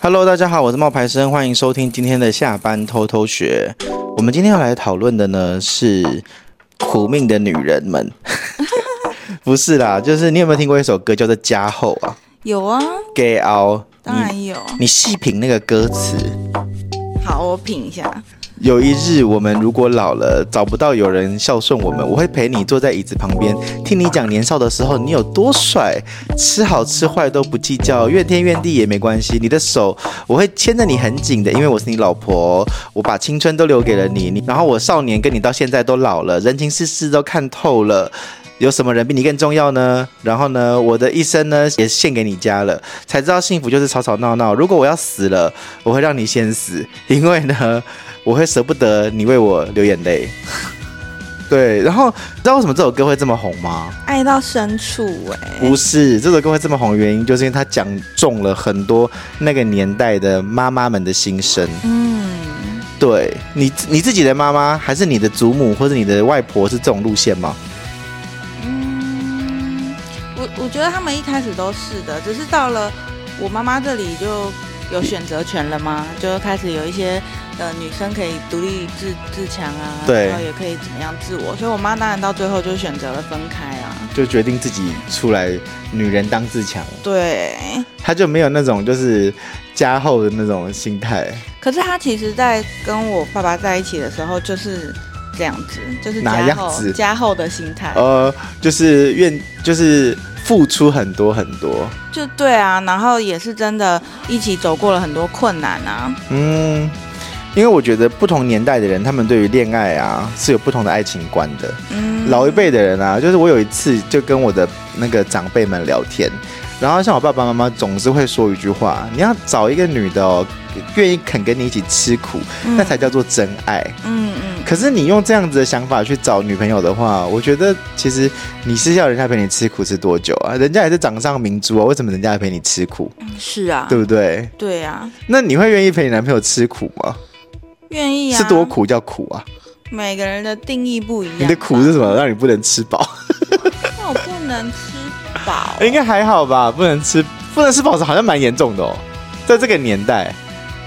Hello，大家好，我是冒牌生，歡迎收聽今天的下班偷偷學。我們今天要來討論的呢，是苦命的女人們， 不是啦，就是你有沒有聽過一首歌叫做《家後》啊？有啊，Gay out，當然有。你細品那個歌詞。好，我品一下。有一日，我們如果老了，找不到有人孝順我們，我會陪你坐在椅子旁邊，聽你講年少的時候你有多帥，吃好吃壞都不計較，怨天怨地也沒關係。你的手，我會牽着你很緊的，因為我是你老婆，我把青春都留給了你。你，然後我少年跟你到現在都老了，人情世事都看透了。有什麼人比你更重要呢？然後呢，我的一生呢也獻給你家了，才知道幸福就是吵吵鬧鬧。如果我要死了，我會讓你先死，因為呢，我會舍不得你為我流眼淚。對，然後知道為什麼這首歌會這麼紅嗎？愛到深處哎，不是這首歌會這麼紅的原因，就是因為它講中了很多那個年代的媽媽們的心聲。嗯，對你你自己的媽媽，還是你的祖母或者你的外婆是這種路線嗎？我覺得他們一開始都是的，只是到了我媽媽這裡就有選擇權了嘛，就開始有一些呃女生可以獨立自自強啊，對，然後也可以怎麼樣自我。所以，我媽當然到最後就選擇了分開啊，就決定自己出來，女人當自強。對，她就沒有那種就是家後的那種心態。可是她其實，在跟我爸爸在一起的時候就是這樣子，就是家後哪樣子家後的心態？呃，就是願就是。付出很多很多，就對啊，然後也是真的一起走過了很多困難啊。嗯，因為我覺得不同年代的人，他們對於戀愛啊是有不同的愛情觀的。嗯，老一輩的人啊，就是我有一次就跟我的那個長輩們聊天。然後像我爸爸媽媽總是會說一句話：你要找一個女的、哦，願意肯跟你一起吃苦，嗯、那才叫做真愛。嗯嗯。嗯可是你用這樣子的想法去找女朋友的話，我覺得其實你是要人家陪你吃苦吃多久啊？人家也是掌上明珠啊，為什麼人家要陪你吃苦？是啊，對不對？對啊。那你會願意陪你男朋友吃苦嗎？願意啊。是多苦叫苦啊？每個人的定義不一樣。你的苦是什麼？吧讓你不能吃飽？ 不能吃飽、欸？應該還好吧。不能吃，不能吃飽是好像蠻嚴重的哦。在這個年代，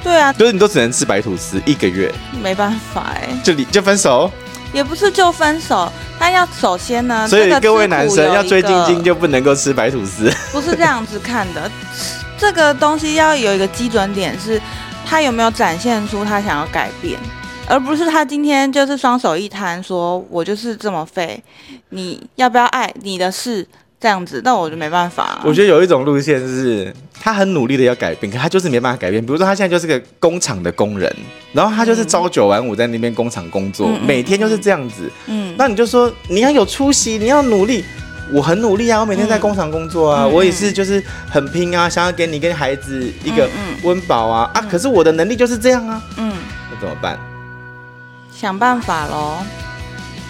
對啊，就是你都只能吃白吐司一個月，沒辦法哎、欸。就離就分手？也不是就分手，但要首先呢。所以各位男生要追晶晶就不能夠吃白吐司。不是這樣子看的， 這個東西要有一個基準點是，是他有沒有展現出他想要改變。而不是他今天就是雙手一攤，說我就是這麼廢，你要不要愛你的事這樣子，那我就沒辦法、啊。我覺得有一種路線是，他很努力的要改變，可他就是沒辦法改變。比如說他現在就是個工廠的工人，然後他就是朝九晚五在那邊工廠工作，嗯、每天就是這樣子。嗯，那、嗯、你就說你要有出息，你要努力。我很努力啊，我每天在工廠工作啊，嗯嗯、我也是就是很拼啊，想要給你跟孩子一個溫飽啊、嗯嗯、啊！可是我的能力就是這樣啊，嗯，那怎麼辦？想辦法嘍，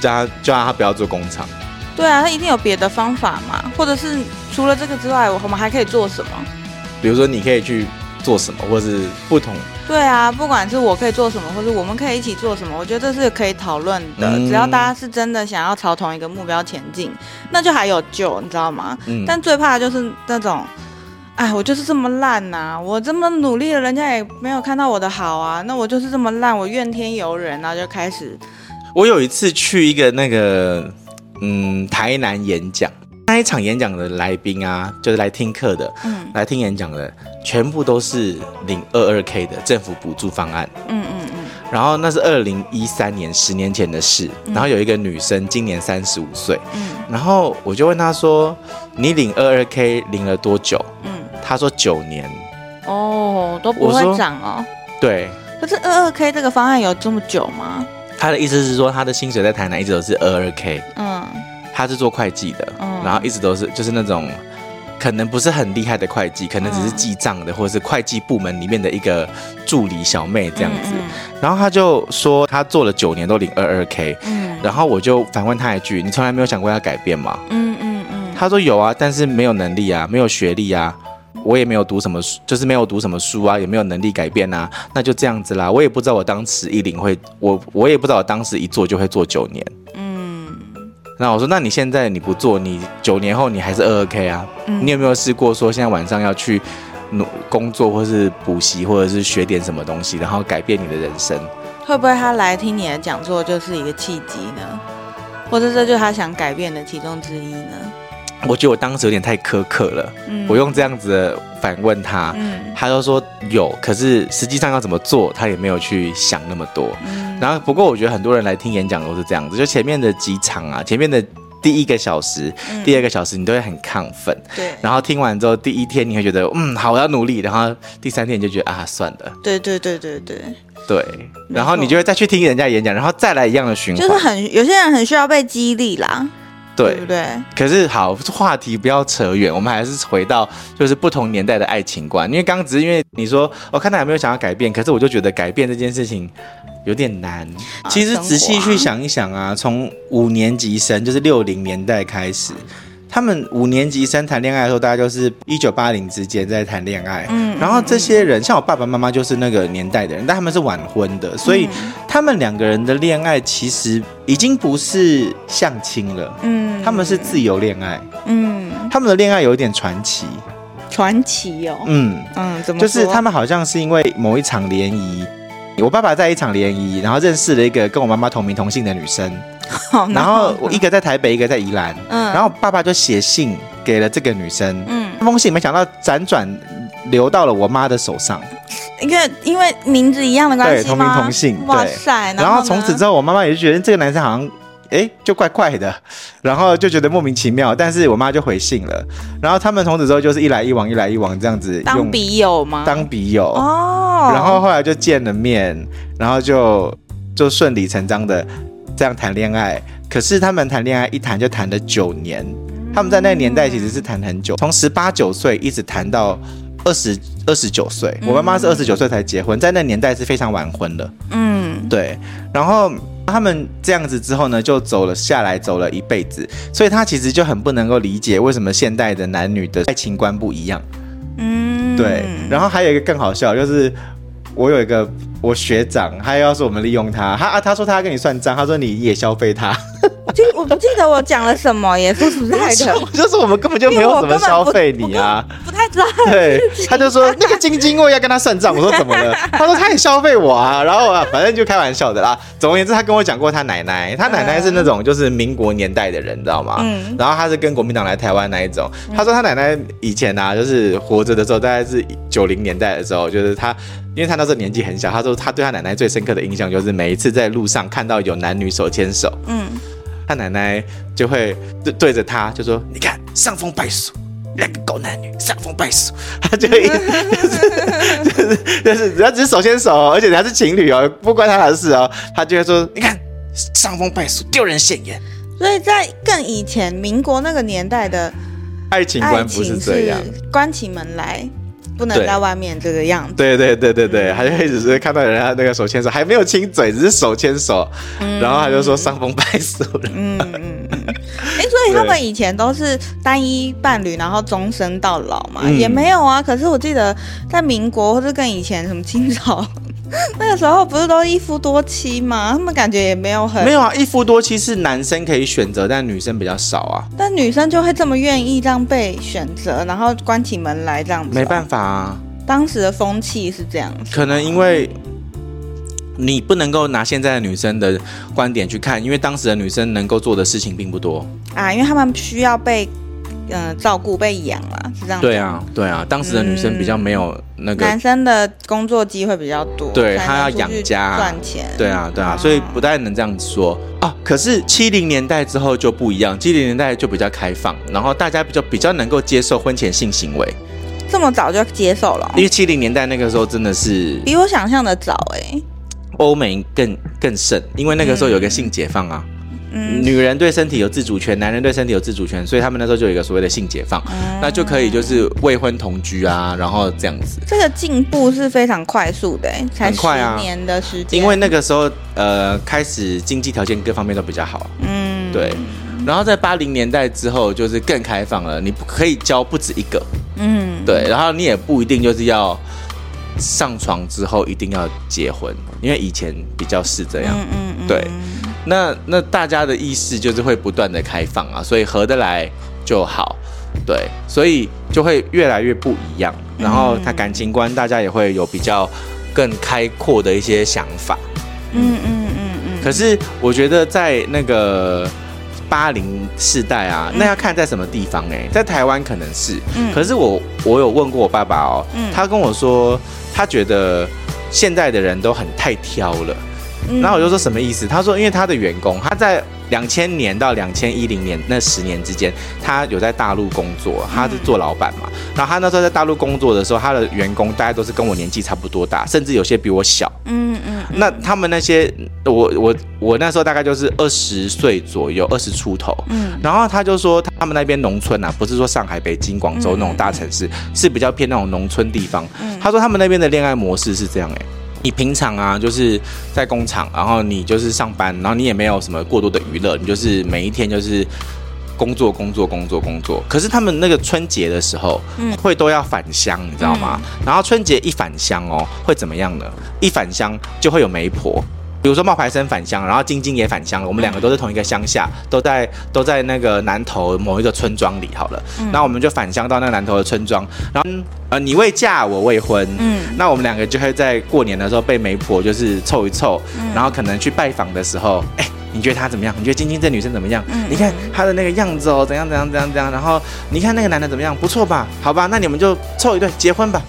叫他叫他不要做工廠，對啊，他一定有別的方法嘛，或者是除了這個之外，我們還可以做什麼？比如說你可以去做什麼，或者是不同。對啊，不管是我可以做什麼，或是我們可以一起做什麼，我覺得這是可以討論的。嗯、只要大家是真的想要朝同一個目標前進，那就還有救，你知道嗎？嗯、但最怕的就是那種。哎，我就是這麼爛吶、啊！我這麼努力了，人家也沒有看到我的好啊。那我就是這麼爛，我怨天尤人啊，然後就開始。我有一次去一個那個，嗯，台南演講，那一場演講的來賓啊，就是來聽課的，嗯，來聽演講的，全部都是領二二 K 的政府補助方案，嗯嗯嗯。嗯嗯然後那是二零一三年，十年前的事。然後有一個女生，今年三十五歲，嗯，然後我就問她說：“你領二二 K 領了多久？”他說九年哦，都不會漲哦。對，可是二二 K 這個方案有這麼久嗎？他的意思是說，他的薪水在台南一直都是二二 K。嗯，他是做會計的，嗯、然後一直都是就是那種可能不是很厲害的會計，可能只是記賬的，嗯、或者是會計部門裡面的一個助理小妹這樣子。嗯嗯、然後他就說他做了九年都領二二 K。嗯，然後我就反問他一句：你從來沒有想過要改變嗎、嗯？嗯嗯嗯。他說有啊，但是沒有能力啊，沒有學歷啊。我也沒有讀什麼書，就是沒有讀什麼書啊，也沒有能力改變啊，那就這樣子啦。我也不知道我當時一領會，我我也不知道我當時一做就會做九年。嗯。那我說，那你現在你不做，你九年後你還是二二 K 啊？嗯。你有沒有試過說現在晚上要去努工作，或是補習，或者是學點什麼東西，然後改變你的人生？會不會他來聽你的講座就是一個契機呢？或者這就是他想改變的其中之一呢？我覺得我當時有點太苛刻了，嗯、我用這樣子的反問他，嗯、他都說有，可是實際上要怎麼做，他也沒有去想那麼多。嗯、然後不過我覺得很多人來聽演講都是這樣子，就前面的幾場啊，前面的第一個小時、嗯、第二個小時，你都會很亢奮，對、嗯。然後聽完之後，第一天你會覺得嗯好，我要努力，然後第三天你就覺得啊算了，對對對對對對，對，然後你就會再去聽人家演講，然後再來一樣的循環，就是很有些人很需要被激勵啦。對不對？可是好，話題不要扯遠，我們還是回到就是不同年代的愛情觀，因為剛剛只是因為你說，我、哦、看他有沒有想要改變，可是我就覺得改變這件事情有點難。其實仔細去想一想啊，從五年級生就是六零年代開始。他們五年級生談戀愛的時候，大概就是一九八零之間在談戀愛。嗯，然後這些人、嗯嗯、像我爸爸媽媽就是那個年代的人，但他們是晚婚的，所以、嗯、他們兩個人的戀愛其實已經不是相親了。嗯，他們是自由戀愛。嗯，他們的戀愛有一點傳奇。傳奇哦。嗯嗯，嗯怎麼說就是他們好像是因為某一場聯誼。我爸爸在一場聯誼，然後認識了一個跟我媽媽同名同姓的女生，oh, 然後我一個在台北，嗯、一個在宜蘭，然後爸爸就寫信給了這個女生，嗯，那封信沒想到輾轉流到了我媽的手上，因為因為名字一樣的關係，對，同名同姓，哇塞。然後從此之後，我媽媽也就覺得這個男生好像。哎、欸，就怪怪的，然後就覺得莫名其妙。但是我媽就回信了，然後他們從此之後就是一來一往，一來一往這樣子用。當筆友嗎？當筆友哦。然後後來就見了面，然後就就順理成章的這樣談戀愛。可是他們談戀愛一談就談了九年。他們在那個年代其實是談很久，嗯、從十八九歲一直談到二十二十九歲。我媽媽是二十九歲才結婚，嗯、在那年代是非常晚婚的。嗯，對。然後。他們這樣子之後呢，就走了下來，走了一輩子，所以他其實就很不能夠理解為什麼現代的男女的愛情觀不一樣。嗯，對。然後還有一個更好笑，就是我有一個我學長，他要是我們利用他，他啊他說他要跟你算賬，他說你也消費他。 就我,我不記得我講了什麼耶，說實在的。就是我們根本就沒有什麼消費你啊，不,不,不太知道。對，他就說、啊、那個金金我要跟他算賬，我說怎麼了？ 他說他也消費我啊，然後、啊、反正就開玩笑的啦。總而言之，他跟我講過他奶奶，他奶奶是那種就是民國年代的人，你、嗯、知道嗎？嗯。然後他是跟國民黨來台灣那一種。他說他奶奶以前啊，就是活着的時候大概是九零年代的時候，就是他因為他那時候年紀很小，他說他對他奶奶最深刻的印象就是每一次在路上看到有男女手牽手，嗯。他奶奶就會對對着他就說：“你看，傷風敗俗，兩個狗男女，傷風敗俗。他會”他就一就是，就是人家只是手牽手，而且人家是情侶哦，不關他的事哦。他就會說：“你看，傷風敗俗，丟人現眼。”所以在更以前，民國那個年代的愛情觀不是這樣，關起門來。不能在外面對這個樣子。對對對對對，他就、嗯、一直是看到人家那個手牽手，還沒有親嘴，只是手牽手，然後他就說傷風敗俗了。嗯嗯嗯，哎，所以他們以前都是單一伴侶，然後終身到老嘛，嗯、也沒有啊。可是我記得在民國或是跟以前什麼清朝、嗯。 那個時候不是都一夫多妻嗎？他們感覺也沒有很沒有啊。一夫多妻是男生可以選擇，但女生比較少啊。但女生就會這麼願意讓被選擇，然後關起門來這樣子。沒辦法啊，當時的風氣是這樣。可能因為你不能夠拿現在的女生的觀點去看，因為當時的女生能夠做的事情並不多啊，因為她們需要被。嗯，照顧被養了，是這樣子。對啊，對啊，當時的女生比較沒有那個。嗯、男生的工作機會比較多，對，他要養家賺錢。對啊，對啊，嗯、所以不太能這樣子說啊。可是七零年代之後就不一樣，七零年代就比較開放，然後大家比較比較能夠接受婚前性行為。這麼早就接受了？因為七零年代那個時候真的是。比我想象的早哎、欸。歐美更更甚，因為那個時候有個性解放啊。嗯嗯、女人對身體有自主權，男人對身體有自主權，所以他們那時候就有一個所謂的性解放，嗯、那就可以就是未婚同居啊，然後這樣子，這個進步是非常快速的，才十年的時間，啊，因為那個時候呃開始經濟條件各方面都比較好，嗯，對，然後在八零年代之後就是更開放了，你可以交不止一個，嗯，對，然後你也不一定就是要上床之後一定要結婚，因為以前比較是這樣，嗯嗯，對。那那大家的意識就是會不斷的開放啊，所以合得來就好，對，所以就會越來越不一樣。然後他感情觀，大家也會有比較更開闊的一些想法。嗯嗯嗯嗯。嗯嗯嗯嗯，可是我覺得在那個八零世代啊，那要看在什麼地方哎，在台灣可能是，可是我我有問過我爸爸哦，他跟我說，他覺得現在的人都很太挑了。然後我就說什麼意思？他說，因為他的員工，他在兩千年到兩千一零年那十年之間，他有在大陸工作，他是做老板嘛。然後他那時候在大陸工作的時候，他的員工大概都是跟我年紀差不多大，甚至有些比我小。嗯嗯。那他們那些，我我我那時候大概就是二十歲左右，二十出頭。嗯。然後他就說，他們那邊農村啊，不是說上海、北京、廣州那種大城市，是比較偏那種農村地方。他說他們那邊的戀愛模式是這樣，欸，誒你平常啊，就是在工廠，然後你就是上班，然後你也沒有什麼過多的娛樂，你就是每一天就是工作、工作、工作、工作。可是他們那個春節的時候，嗯，會都要返鄉，你知道嗎？嗯、然後春節一返鄉哦，會怎麼樣呢？一返鄉就會有媒婆。比如說冒牌生返鄉，然後晶晶也返鄉了，我們兩個都是同一個鄉下，都在都在那個南投某一個村莊裡。好了，那、嗯、我們就返鄉到那個南投的村莊，然後呃，你未嫁，我未婚，嗯，那我們兩個就會在過年的時候被媒婆就是湊一湊，嗯、然後可能去拜訪的時候，哎，你覺得她怎麼樣？你覺得晶晶這女生怎麼樣？你看她的那個樣子哦，怎樣怎樣怎樣怎樣，然後你看那個男的怎麼樣？不錯吧？好吧，那你們就湊一對結婚吧。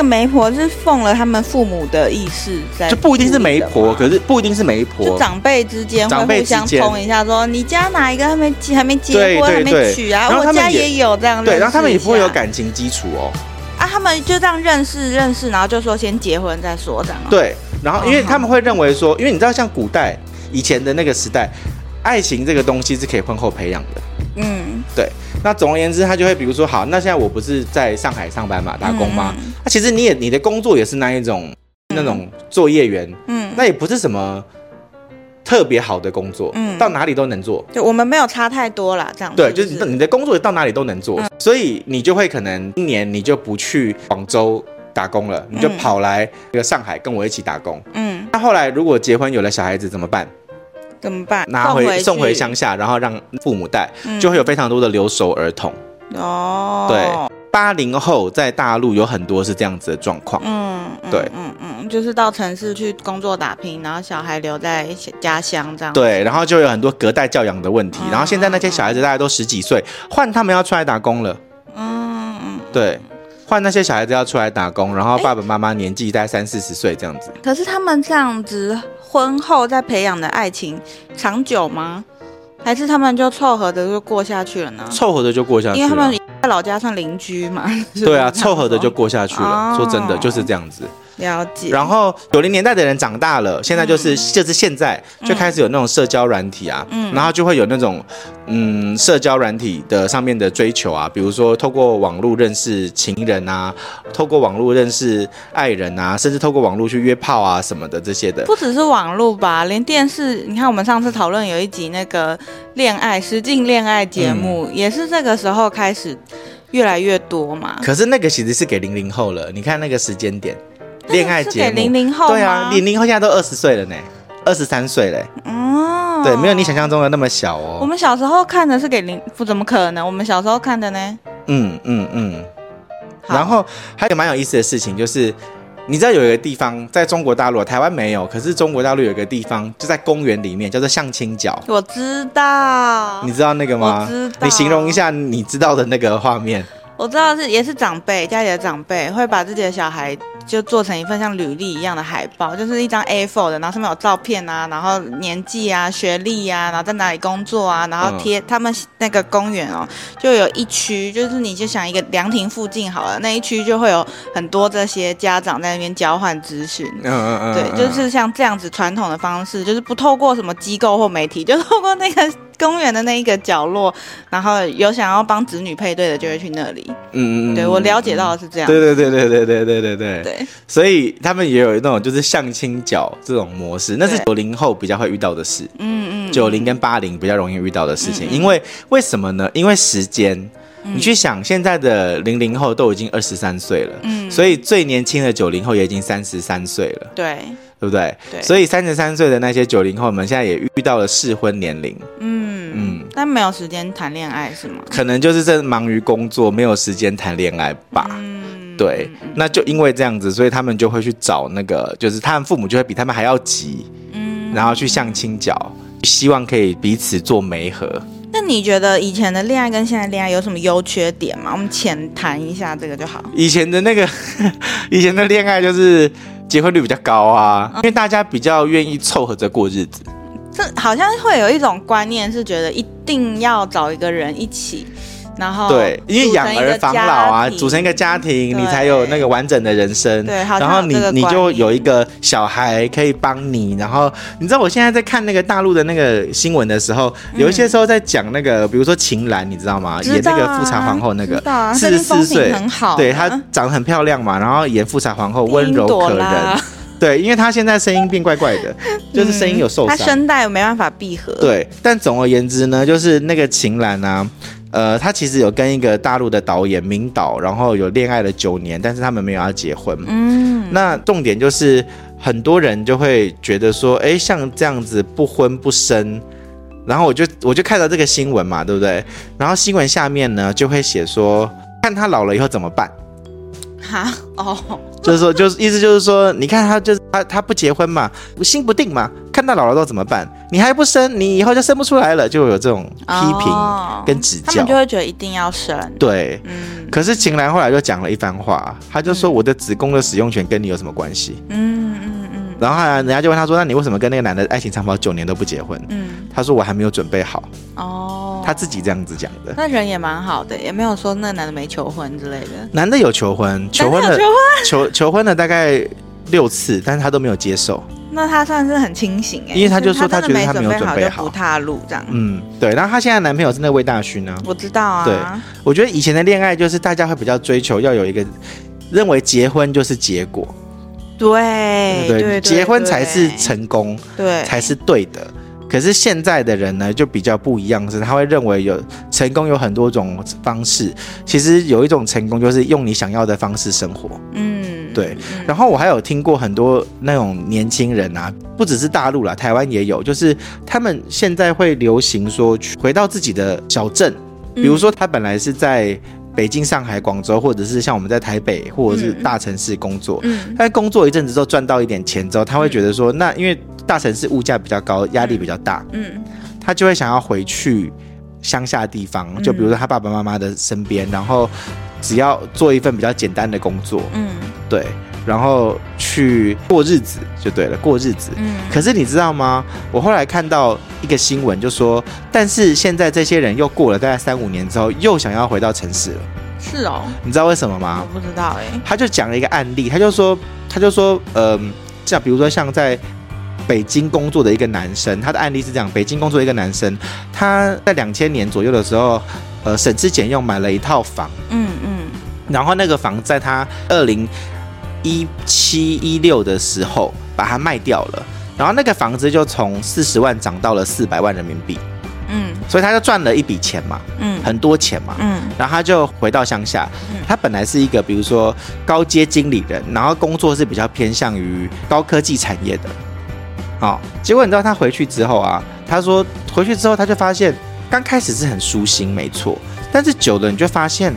個媒婆是奉了他們父母的意思，在就不一定是媒婆，可是不一定是媒婆，就長輩之間會互相通一下說，說你家哪一個還沒還沒結婚，對對對，還沒娶啊？我家也有這樣，對，然後他們也不會有感情基礎哦。啊，他們就這樣認識認識，然後就說先結婚再說，這樣、哦、對。然後因為他們會認為說，因為你知道，像古代以前的那個時代，愛情這個東西是可以婚後培養的。嗯，對。那總而言之，他就會比如說，好，那現在我不是在上海上班嘛，打工嗎？那、嗯啊、其實你也你的工作也是那一種、嗯、那種作業員，嗯，那也不是什麼特別好的工作，嗯，到哪裡都能做。對，我們沒有差太多啦，這樣子。對，就是你的工作也到哪裡都能做，嗯、所以你就會可能今年你就不去廣州打工了，嗯、你就跑來這個上海跟我一起打工，嗯。那後來如果結婚有了小孩子怎麼辦？怎麼辦？拿，回送回鄉下，然後讓父母帶，嗯、就會有非常多的留守兒童。哦，對，八零後在大陸有很多是這樣子的狀況。嗯，對，嗯嗯，就是到城市去工作打拼，然後小孩留在家鄉這樣。對，然後就有很多隔代教養的問題。嗯、然後現在那些小孩子大概都十幾歲，換他們要出來打工了。嗯嗯。對，換那些小孩子要出來打工，然後爸爸媽媽年紀大概三四十歲這樣子。可是他們這樣子。婚後再培養的愛情長久嗎？還是他們就湊合着就過下去了呢？湊合着就過下去，因為他們在老家算鄰居嘛。對啊，湊合着就過下去了。哦、說真的，就是這樣子。哦了解。然後九零年代的人長大了，現在就是、嗯、就是現在就開始有那種社交軟體啊，嗯、然後就會有那種嗯社交軟體的上面的追求啊，比如說透過網絡認識情人啊，透過網絡認識愛人啊，甚至透過網絡去約炮啊什麼的這些的。不只是網絡吧，連電視，你看我們上次討論有一集那個戀愛實境戀愛節目，嗯、也是那個時候開始越來越多嘛。可是那個其實是給零零後了，你看那個時間點。戀愛節目00後對啊，零零後現在都二十歲了呢、欸，二十三歲嘞。哦。嗯啊、對，沒有你想象中的那麼小哦、喔。我們小時候看的是給零不怎麼可能？我們小時候看的呢？嗯嗯嗯。嗯嗯好然後還有蠻有意思的事情，就是你知道有一個地方，在中國大陸台灣沒有，可是中國大陸有一個地方，就在公園裡面叫做相親角。我知道，你知道那個嗎？你形容一下你知道的那個畫面。我知道是也是長輩家裡的長輩會把自己的小孩。就做成一份像履歷一樣的海報，就是一張 A4 的，然後上面有照片啊，然後年紀啊、學歷啊，然後在哪裡工作啊，然後貼他們那個公園哦、喔，就有一區，就是你就想一個涼亭附近好了，那一區就會有很多這些家長在那邊交換資訊。嗯嗯嗯，對，就是像這樣子傳統的方式，就是不透過什麼機構或媒體，就透過那個。公園的那一個角落，然後有想要幫子女配對的，就會去那裡。嗯嗯，對，我了解到的是這樣、嗯。對對對對對對對對。所以他們也有那種就是相親角這種模式，對那是九零後比較會遇到的事。嗯嗯對。九零跟八零比較容易遇到的事情，嗯嗯嗯、因為為什麼呢？因為時間，嗯、你去想，現在的零零後都已經二十三歲了，嗯，所以最年輕的九零後也已經三十三歲了。對。對不對？對，所以三十三歲的那些九零後，我們現在也遇到了適婚年齡。嗯嗯，嗯但沒有時間談戀愛是嗎？可能就是在忙於工作，沒有時間談戀愛吧。嗯，對，嗯、那就因為這樣子，所以他們就會去找那個，就是他們父母就會比他們還要急。嗯，然後去相親角，嗯、希望可以彼此做媒合。那你覺得以前的戀愛跟現在戀愛有什麼優缺點嗎？我們淺談一下這個就好。以前的那個，以前的戀愛就是。結婚率比較高啊，因為大家比較願意湊合着過日子。這好像會有一種觀念，是覺得一定要找一個人一起。然後對，因為養兒防老啊，組成一個家庭，你才有那個完整的人生。對，然後你你就有一個小孩可以幫你。然後你知道我現在在看那個大陸的那個新聞的時候，有一些時候在講那個，比如說秦嵐，你知道嗎？演那個富察皇後那個，四十四歲，對，她長得很漂亮嘛，然後演富察皇後，溫柔可人。對，因為她現在聲音變怪怪的，就是聲音有受傷，她聲帶沒辦法閉合。對，但總而言之呢，就是那個秦嵐啊。呃，他其實有跟一個大陸的導演名導，然後有戀愛了九年，但是他們沒有要結婚。嗯，那重點就是很多人就會覺得說，哎，像這樣子不婚不生，然後我就我就看到這個新聞嘛，對不對？然後新聞下面呢就會寫說，看他老了以後怎麼辦？哈哦，就是說，就是意思就是說，你看他就是他他不結婚嘛，心不定嘛。看到老了都怎麼辦？你還不生，你以後就生不出來了，就有這種批評跟指教。Oh, 他們就會覺得一定要生。對，嗯、可是秦嵐後來就講了一番話，她就說我的子宮的使用權跟你有什麼關係、嗯？嗯嗯嗯。然後呢，人家就問她說：“那你為什麼跟那個男的愛情長跑九年都不結婚？”她、嗯、說：“我還沒有準備好。”哦。她自己這樣子講的。那人也蠻好的，也沒有說那男的沒求婚之類的。男的有求婚，求婚了，的求婚，求求婚了大概六次，但是他都沒有接受。那她算是很清醒、欸、因為她就說她覺得她沒有準備好，就不踏入這樣。嗯，對。然後她現在的男朋友是那魏大勳呢、啊？我知道啊。對，我覺得以前的戀愛就是大家會比較追求要有一個認為結婚就是結果，對對，對，對對對，結婚才是成功，對才是對的。可是現在的人呢，就比較不一樣，是他會認為有成功有很多種方式。其實有一種成功，就是用你想要的方式生活。嗯，對。然後我還有聽過很多那種年輕人啊，不只是大陸啦，台灣也有，就是他們現在會流行說，去回到自己的小鎮，比如說他本來是在。北京、上海、廣州，或者是像我們在台北，或者是大城市工作。嗯，嗯，他在工作一陣子之後賺到一點錢之後，他會覺得說，嗯、那因為大城市物價比較高，壓力比較大。嗯，嗯，他就會想要回去鄉下地方，就比如說他爸爸媽媽的身邊，嗯、然後只要做一份比較簡單的工作。嗯，對。然後去過日子就對了，過日子。嗯。可是你知道嗎？我後來看到一個新聞，就說，但是現在這些人又過了大概三五年之後，又想要回到城市了。是哦。你知道為什麼嗎？我不知道哎、欸。他就講了一個案例，他就說，他就說，嗯、呃，像比如說像在北京工作的一個男生，他的案例是這樣：北京工作的一個男生，他在兩千年左右的時候，呃，省吃儉用買了一套房。嗯嗯。嗯然後那個房在他二零。一七一六的時候把它賣掉了，然後那個房子就從四十萬漲到了四百萬人民幣，嗯，所以他就賺了一筆錢嘛，嗯，很多錢嘛，嗯，然後他就回到鄉下，嗯，他本來是一個比如說高階經理人，然後工作是比較偏向於高科技產業的，哦，結果你知道他回去之後啊，他說回去之後他就發現剛開始是很舒心，沒錯，但是久了你就發現。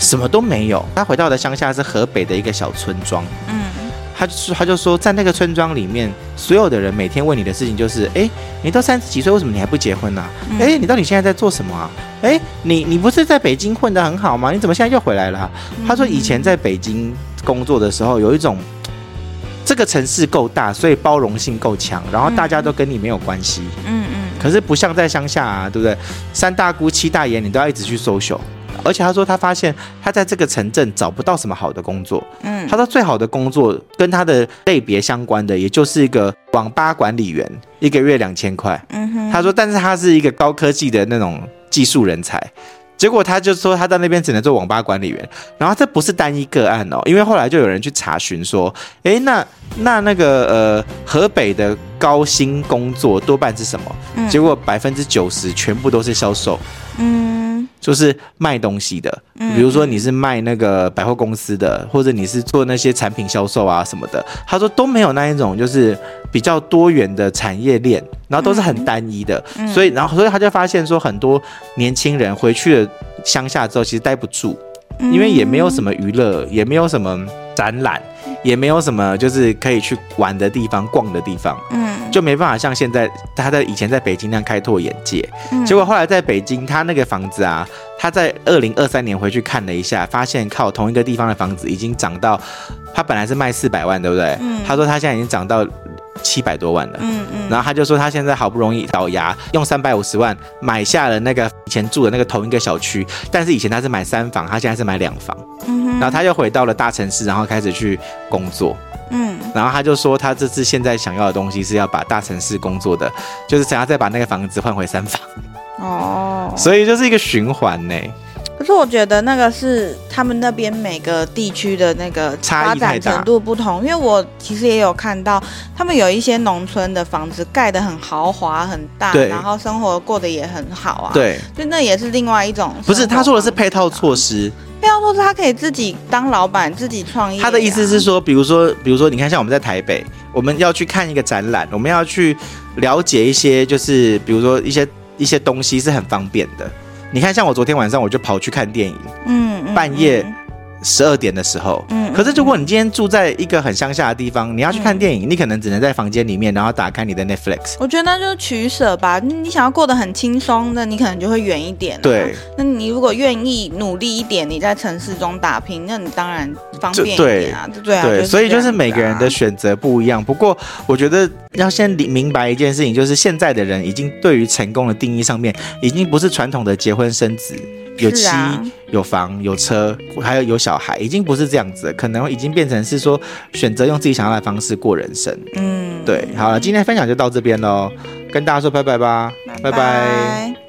什麼都沒有。他回到的鄉下是河北的一個小村莊。嗯，他就他就說，在那個村莊裡面，所有的人每天問你的事情就是：哎，你都三十幾歲，為什麼你還不結婚呢、啊？哎、嗯，你到底現在在做什麼啊？哎，你你不是在北京混得很好嗎？你怎麼現在又回來了？嗯、他說，以前在北京工作的時候，有一種這個城市夠大，所以包容性夠強，然後大家都跟你沒有關係。嗯嗯。可是不像在鄉下啊，對不對？三大姑七大爺你都要一直去 social。而且他說，他發現他在這個城鎮找不到什麼好的工作。嗯，他說最好的工作跟他的類別相關的，也就是一個網吧管理員，一個月兩千塊。嗯哼，他說，但是他是一個高科技的那種技術人才，結果他就說他在那邊只能做網吧管理員。然後這不是單一個案哦、喔，因為後來就有人去查詢說、欸，誒，那那那個呃，河北的高薪工作多半是什麼？結果百分之九十全部都是銷售。嗯。就是賣東西的，比如說你是賣那個百貨公司的，或者你是做那些產品銷售啊什麼的。他說都沒有那一種，就是比較多元的產業鏈，然後都是很單一的。所以，然後，所以他就發現說，很多年輕人回去了鄉下之後，其實待不住，因為也沒有什麼娛樂，也沒有什麼展覽，也沒有什麼就是可以去玩的地方、逛的地方。就沒辦法像現在他在以前在北京那樣開拓眼界，嗯、結果後來在北京他那個房子啊，他在二零二三年回去看了一下，發現靠同一個地方的房子已經漲到，他本來是賣四百萬，對不對？嗯、他說他現在已經漲到七百多萬了。嗯嗯。嗯，然後他就說他現在好不容易咬牙用三百五十萬買下了那個以前住的那個同一個小區，但是以前他是買三房，他現在是買兩房。嗯、哼然後他又回到了大城市，然後開始去工作。嗯，然後他就說，他這次現在想要的東西是要把大城市工作的，就是想要再把那個房子換回三房。哦，所以就是一個循環呢。可是我覺得那個是他們那邊每個地區的那個發展程度不同，因為我其實也有看到，他們有一些農村的房子蓋得很豪華很大，對然後生活過得也很好啊。對，就那也是另外一種。不是，他說的是配套措施。不要說是他可以自己當老闆，自己創業啊。他的意思是說，比如說，比如說，你看，像我們在台北，我們要去看一個展覽，我們要去了解一些，就是比如說一些一些東西是很方便的。你看，像我昨天晚上我就跑去看電影，嗯，半夜。嗯嗯。十二點的時候，嗯，可是如果你今天住在一個很鄉下的地方，嗯、你要去看電影，嗯、你可能只能在房間裡面，然後打開你的 Netflix，我覺得那就是取捨吧。你想要過得很輕鬆，那你可能就會遠一點啊。對。那你如果願意努力一點，你在城市中打拼，那你當然方便一點啊。就對，對啊。對，就這樣啊，所以就是每個人的選擇不一樣。不過我覺得要先理明白一件事情，就是現在的人已經對於成功的定義上面，已經不是傳統的結婚生子有妻。有房有車，還有有小孩，已經不是這樣子了，可能已經變成是說，選擇用自己想要的方式過人生。嗯，對，好了，啊，今天分享就到這邊嘍，跟大家說拜拜吧，拜拜。拜拜。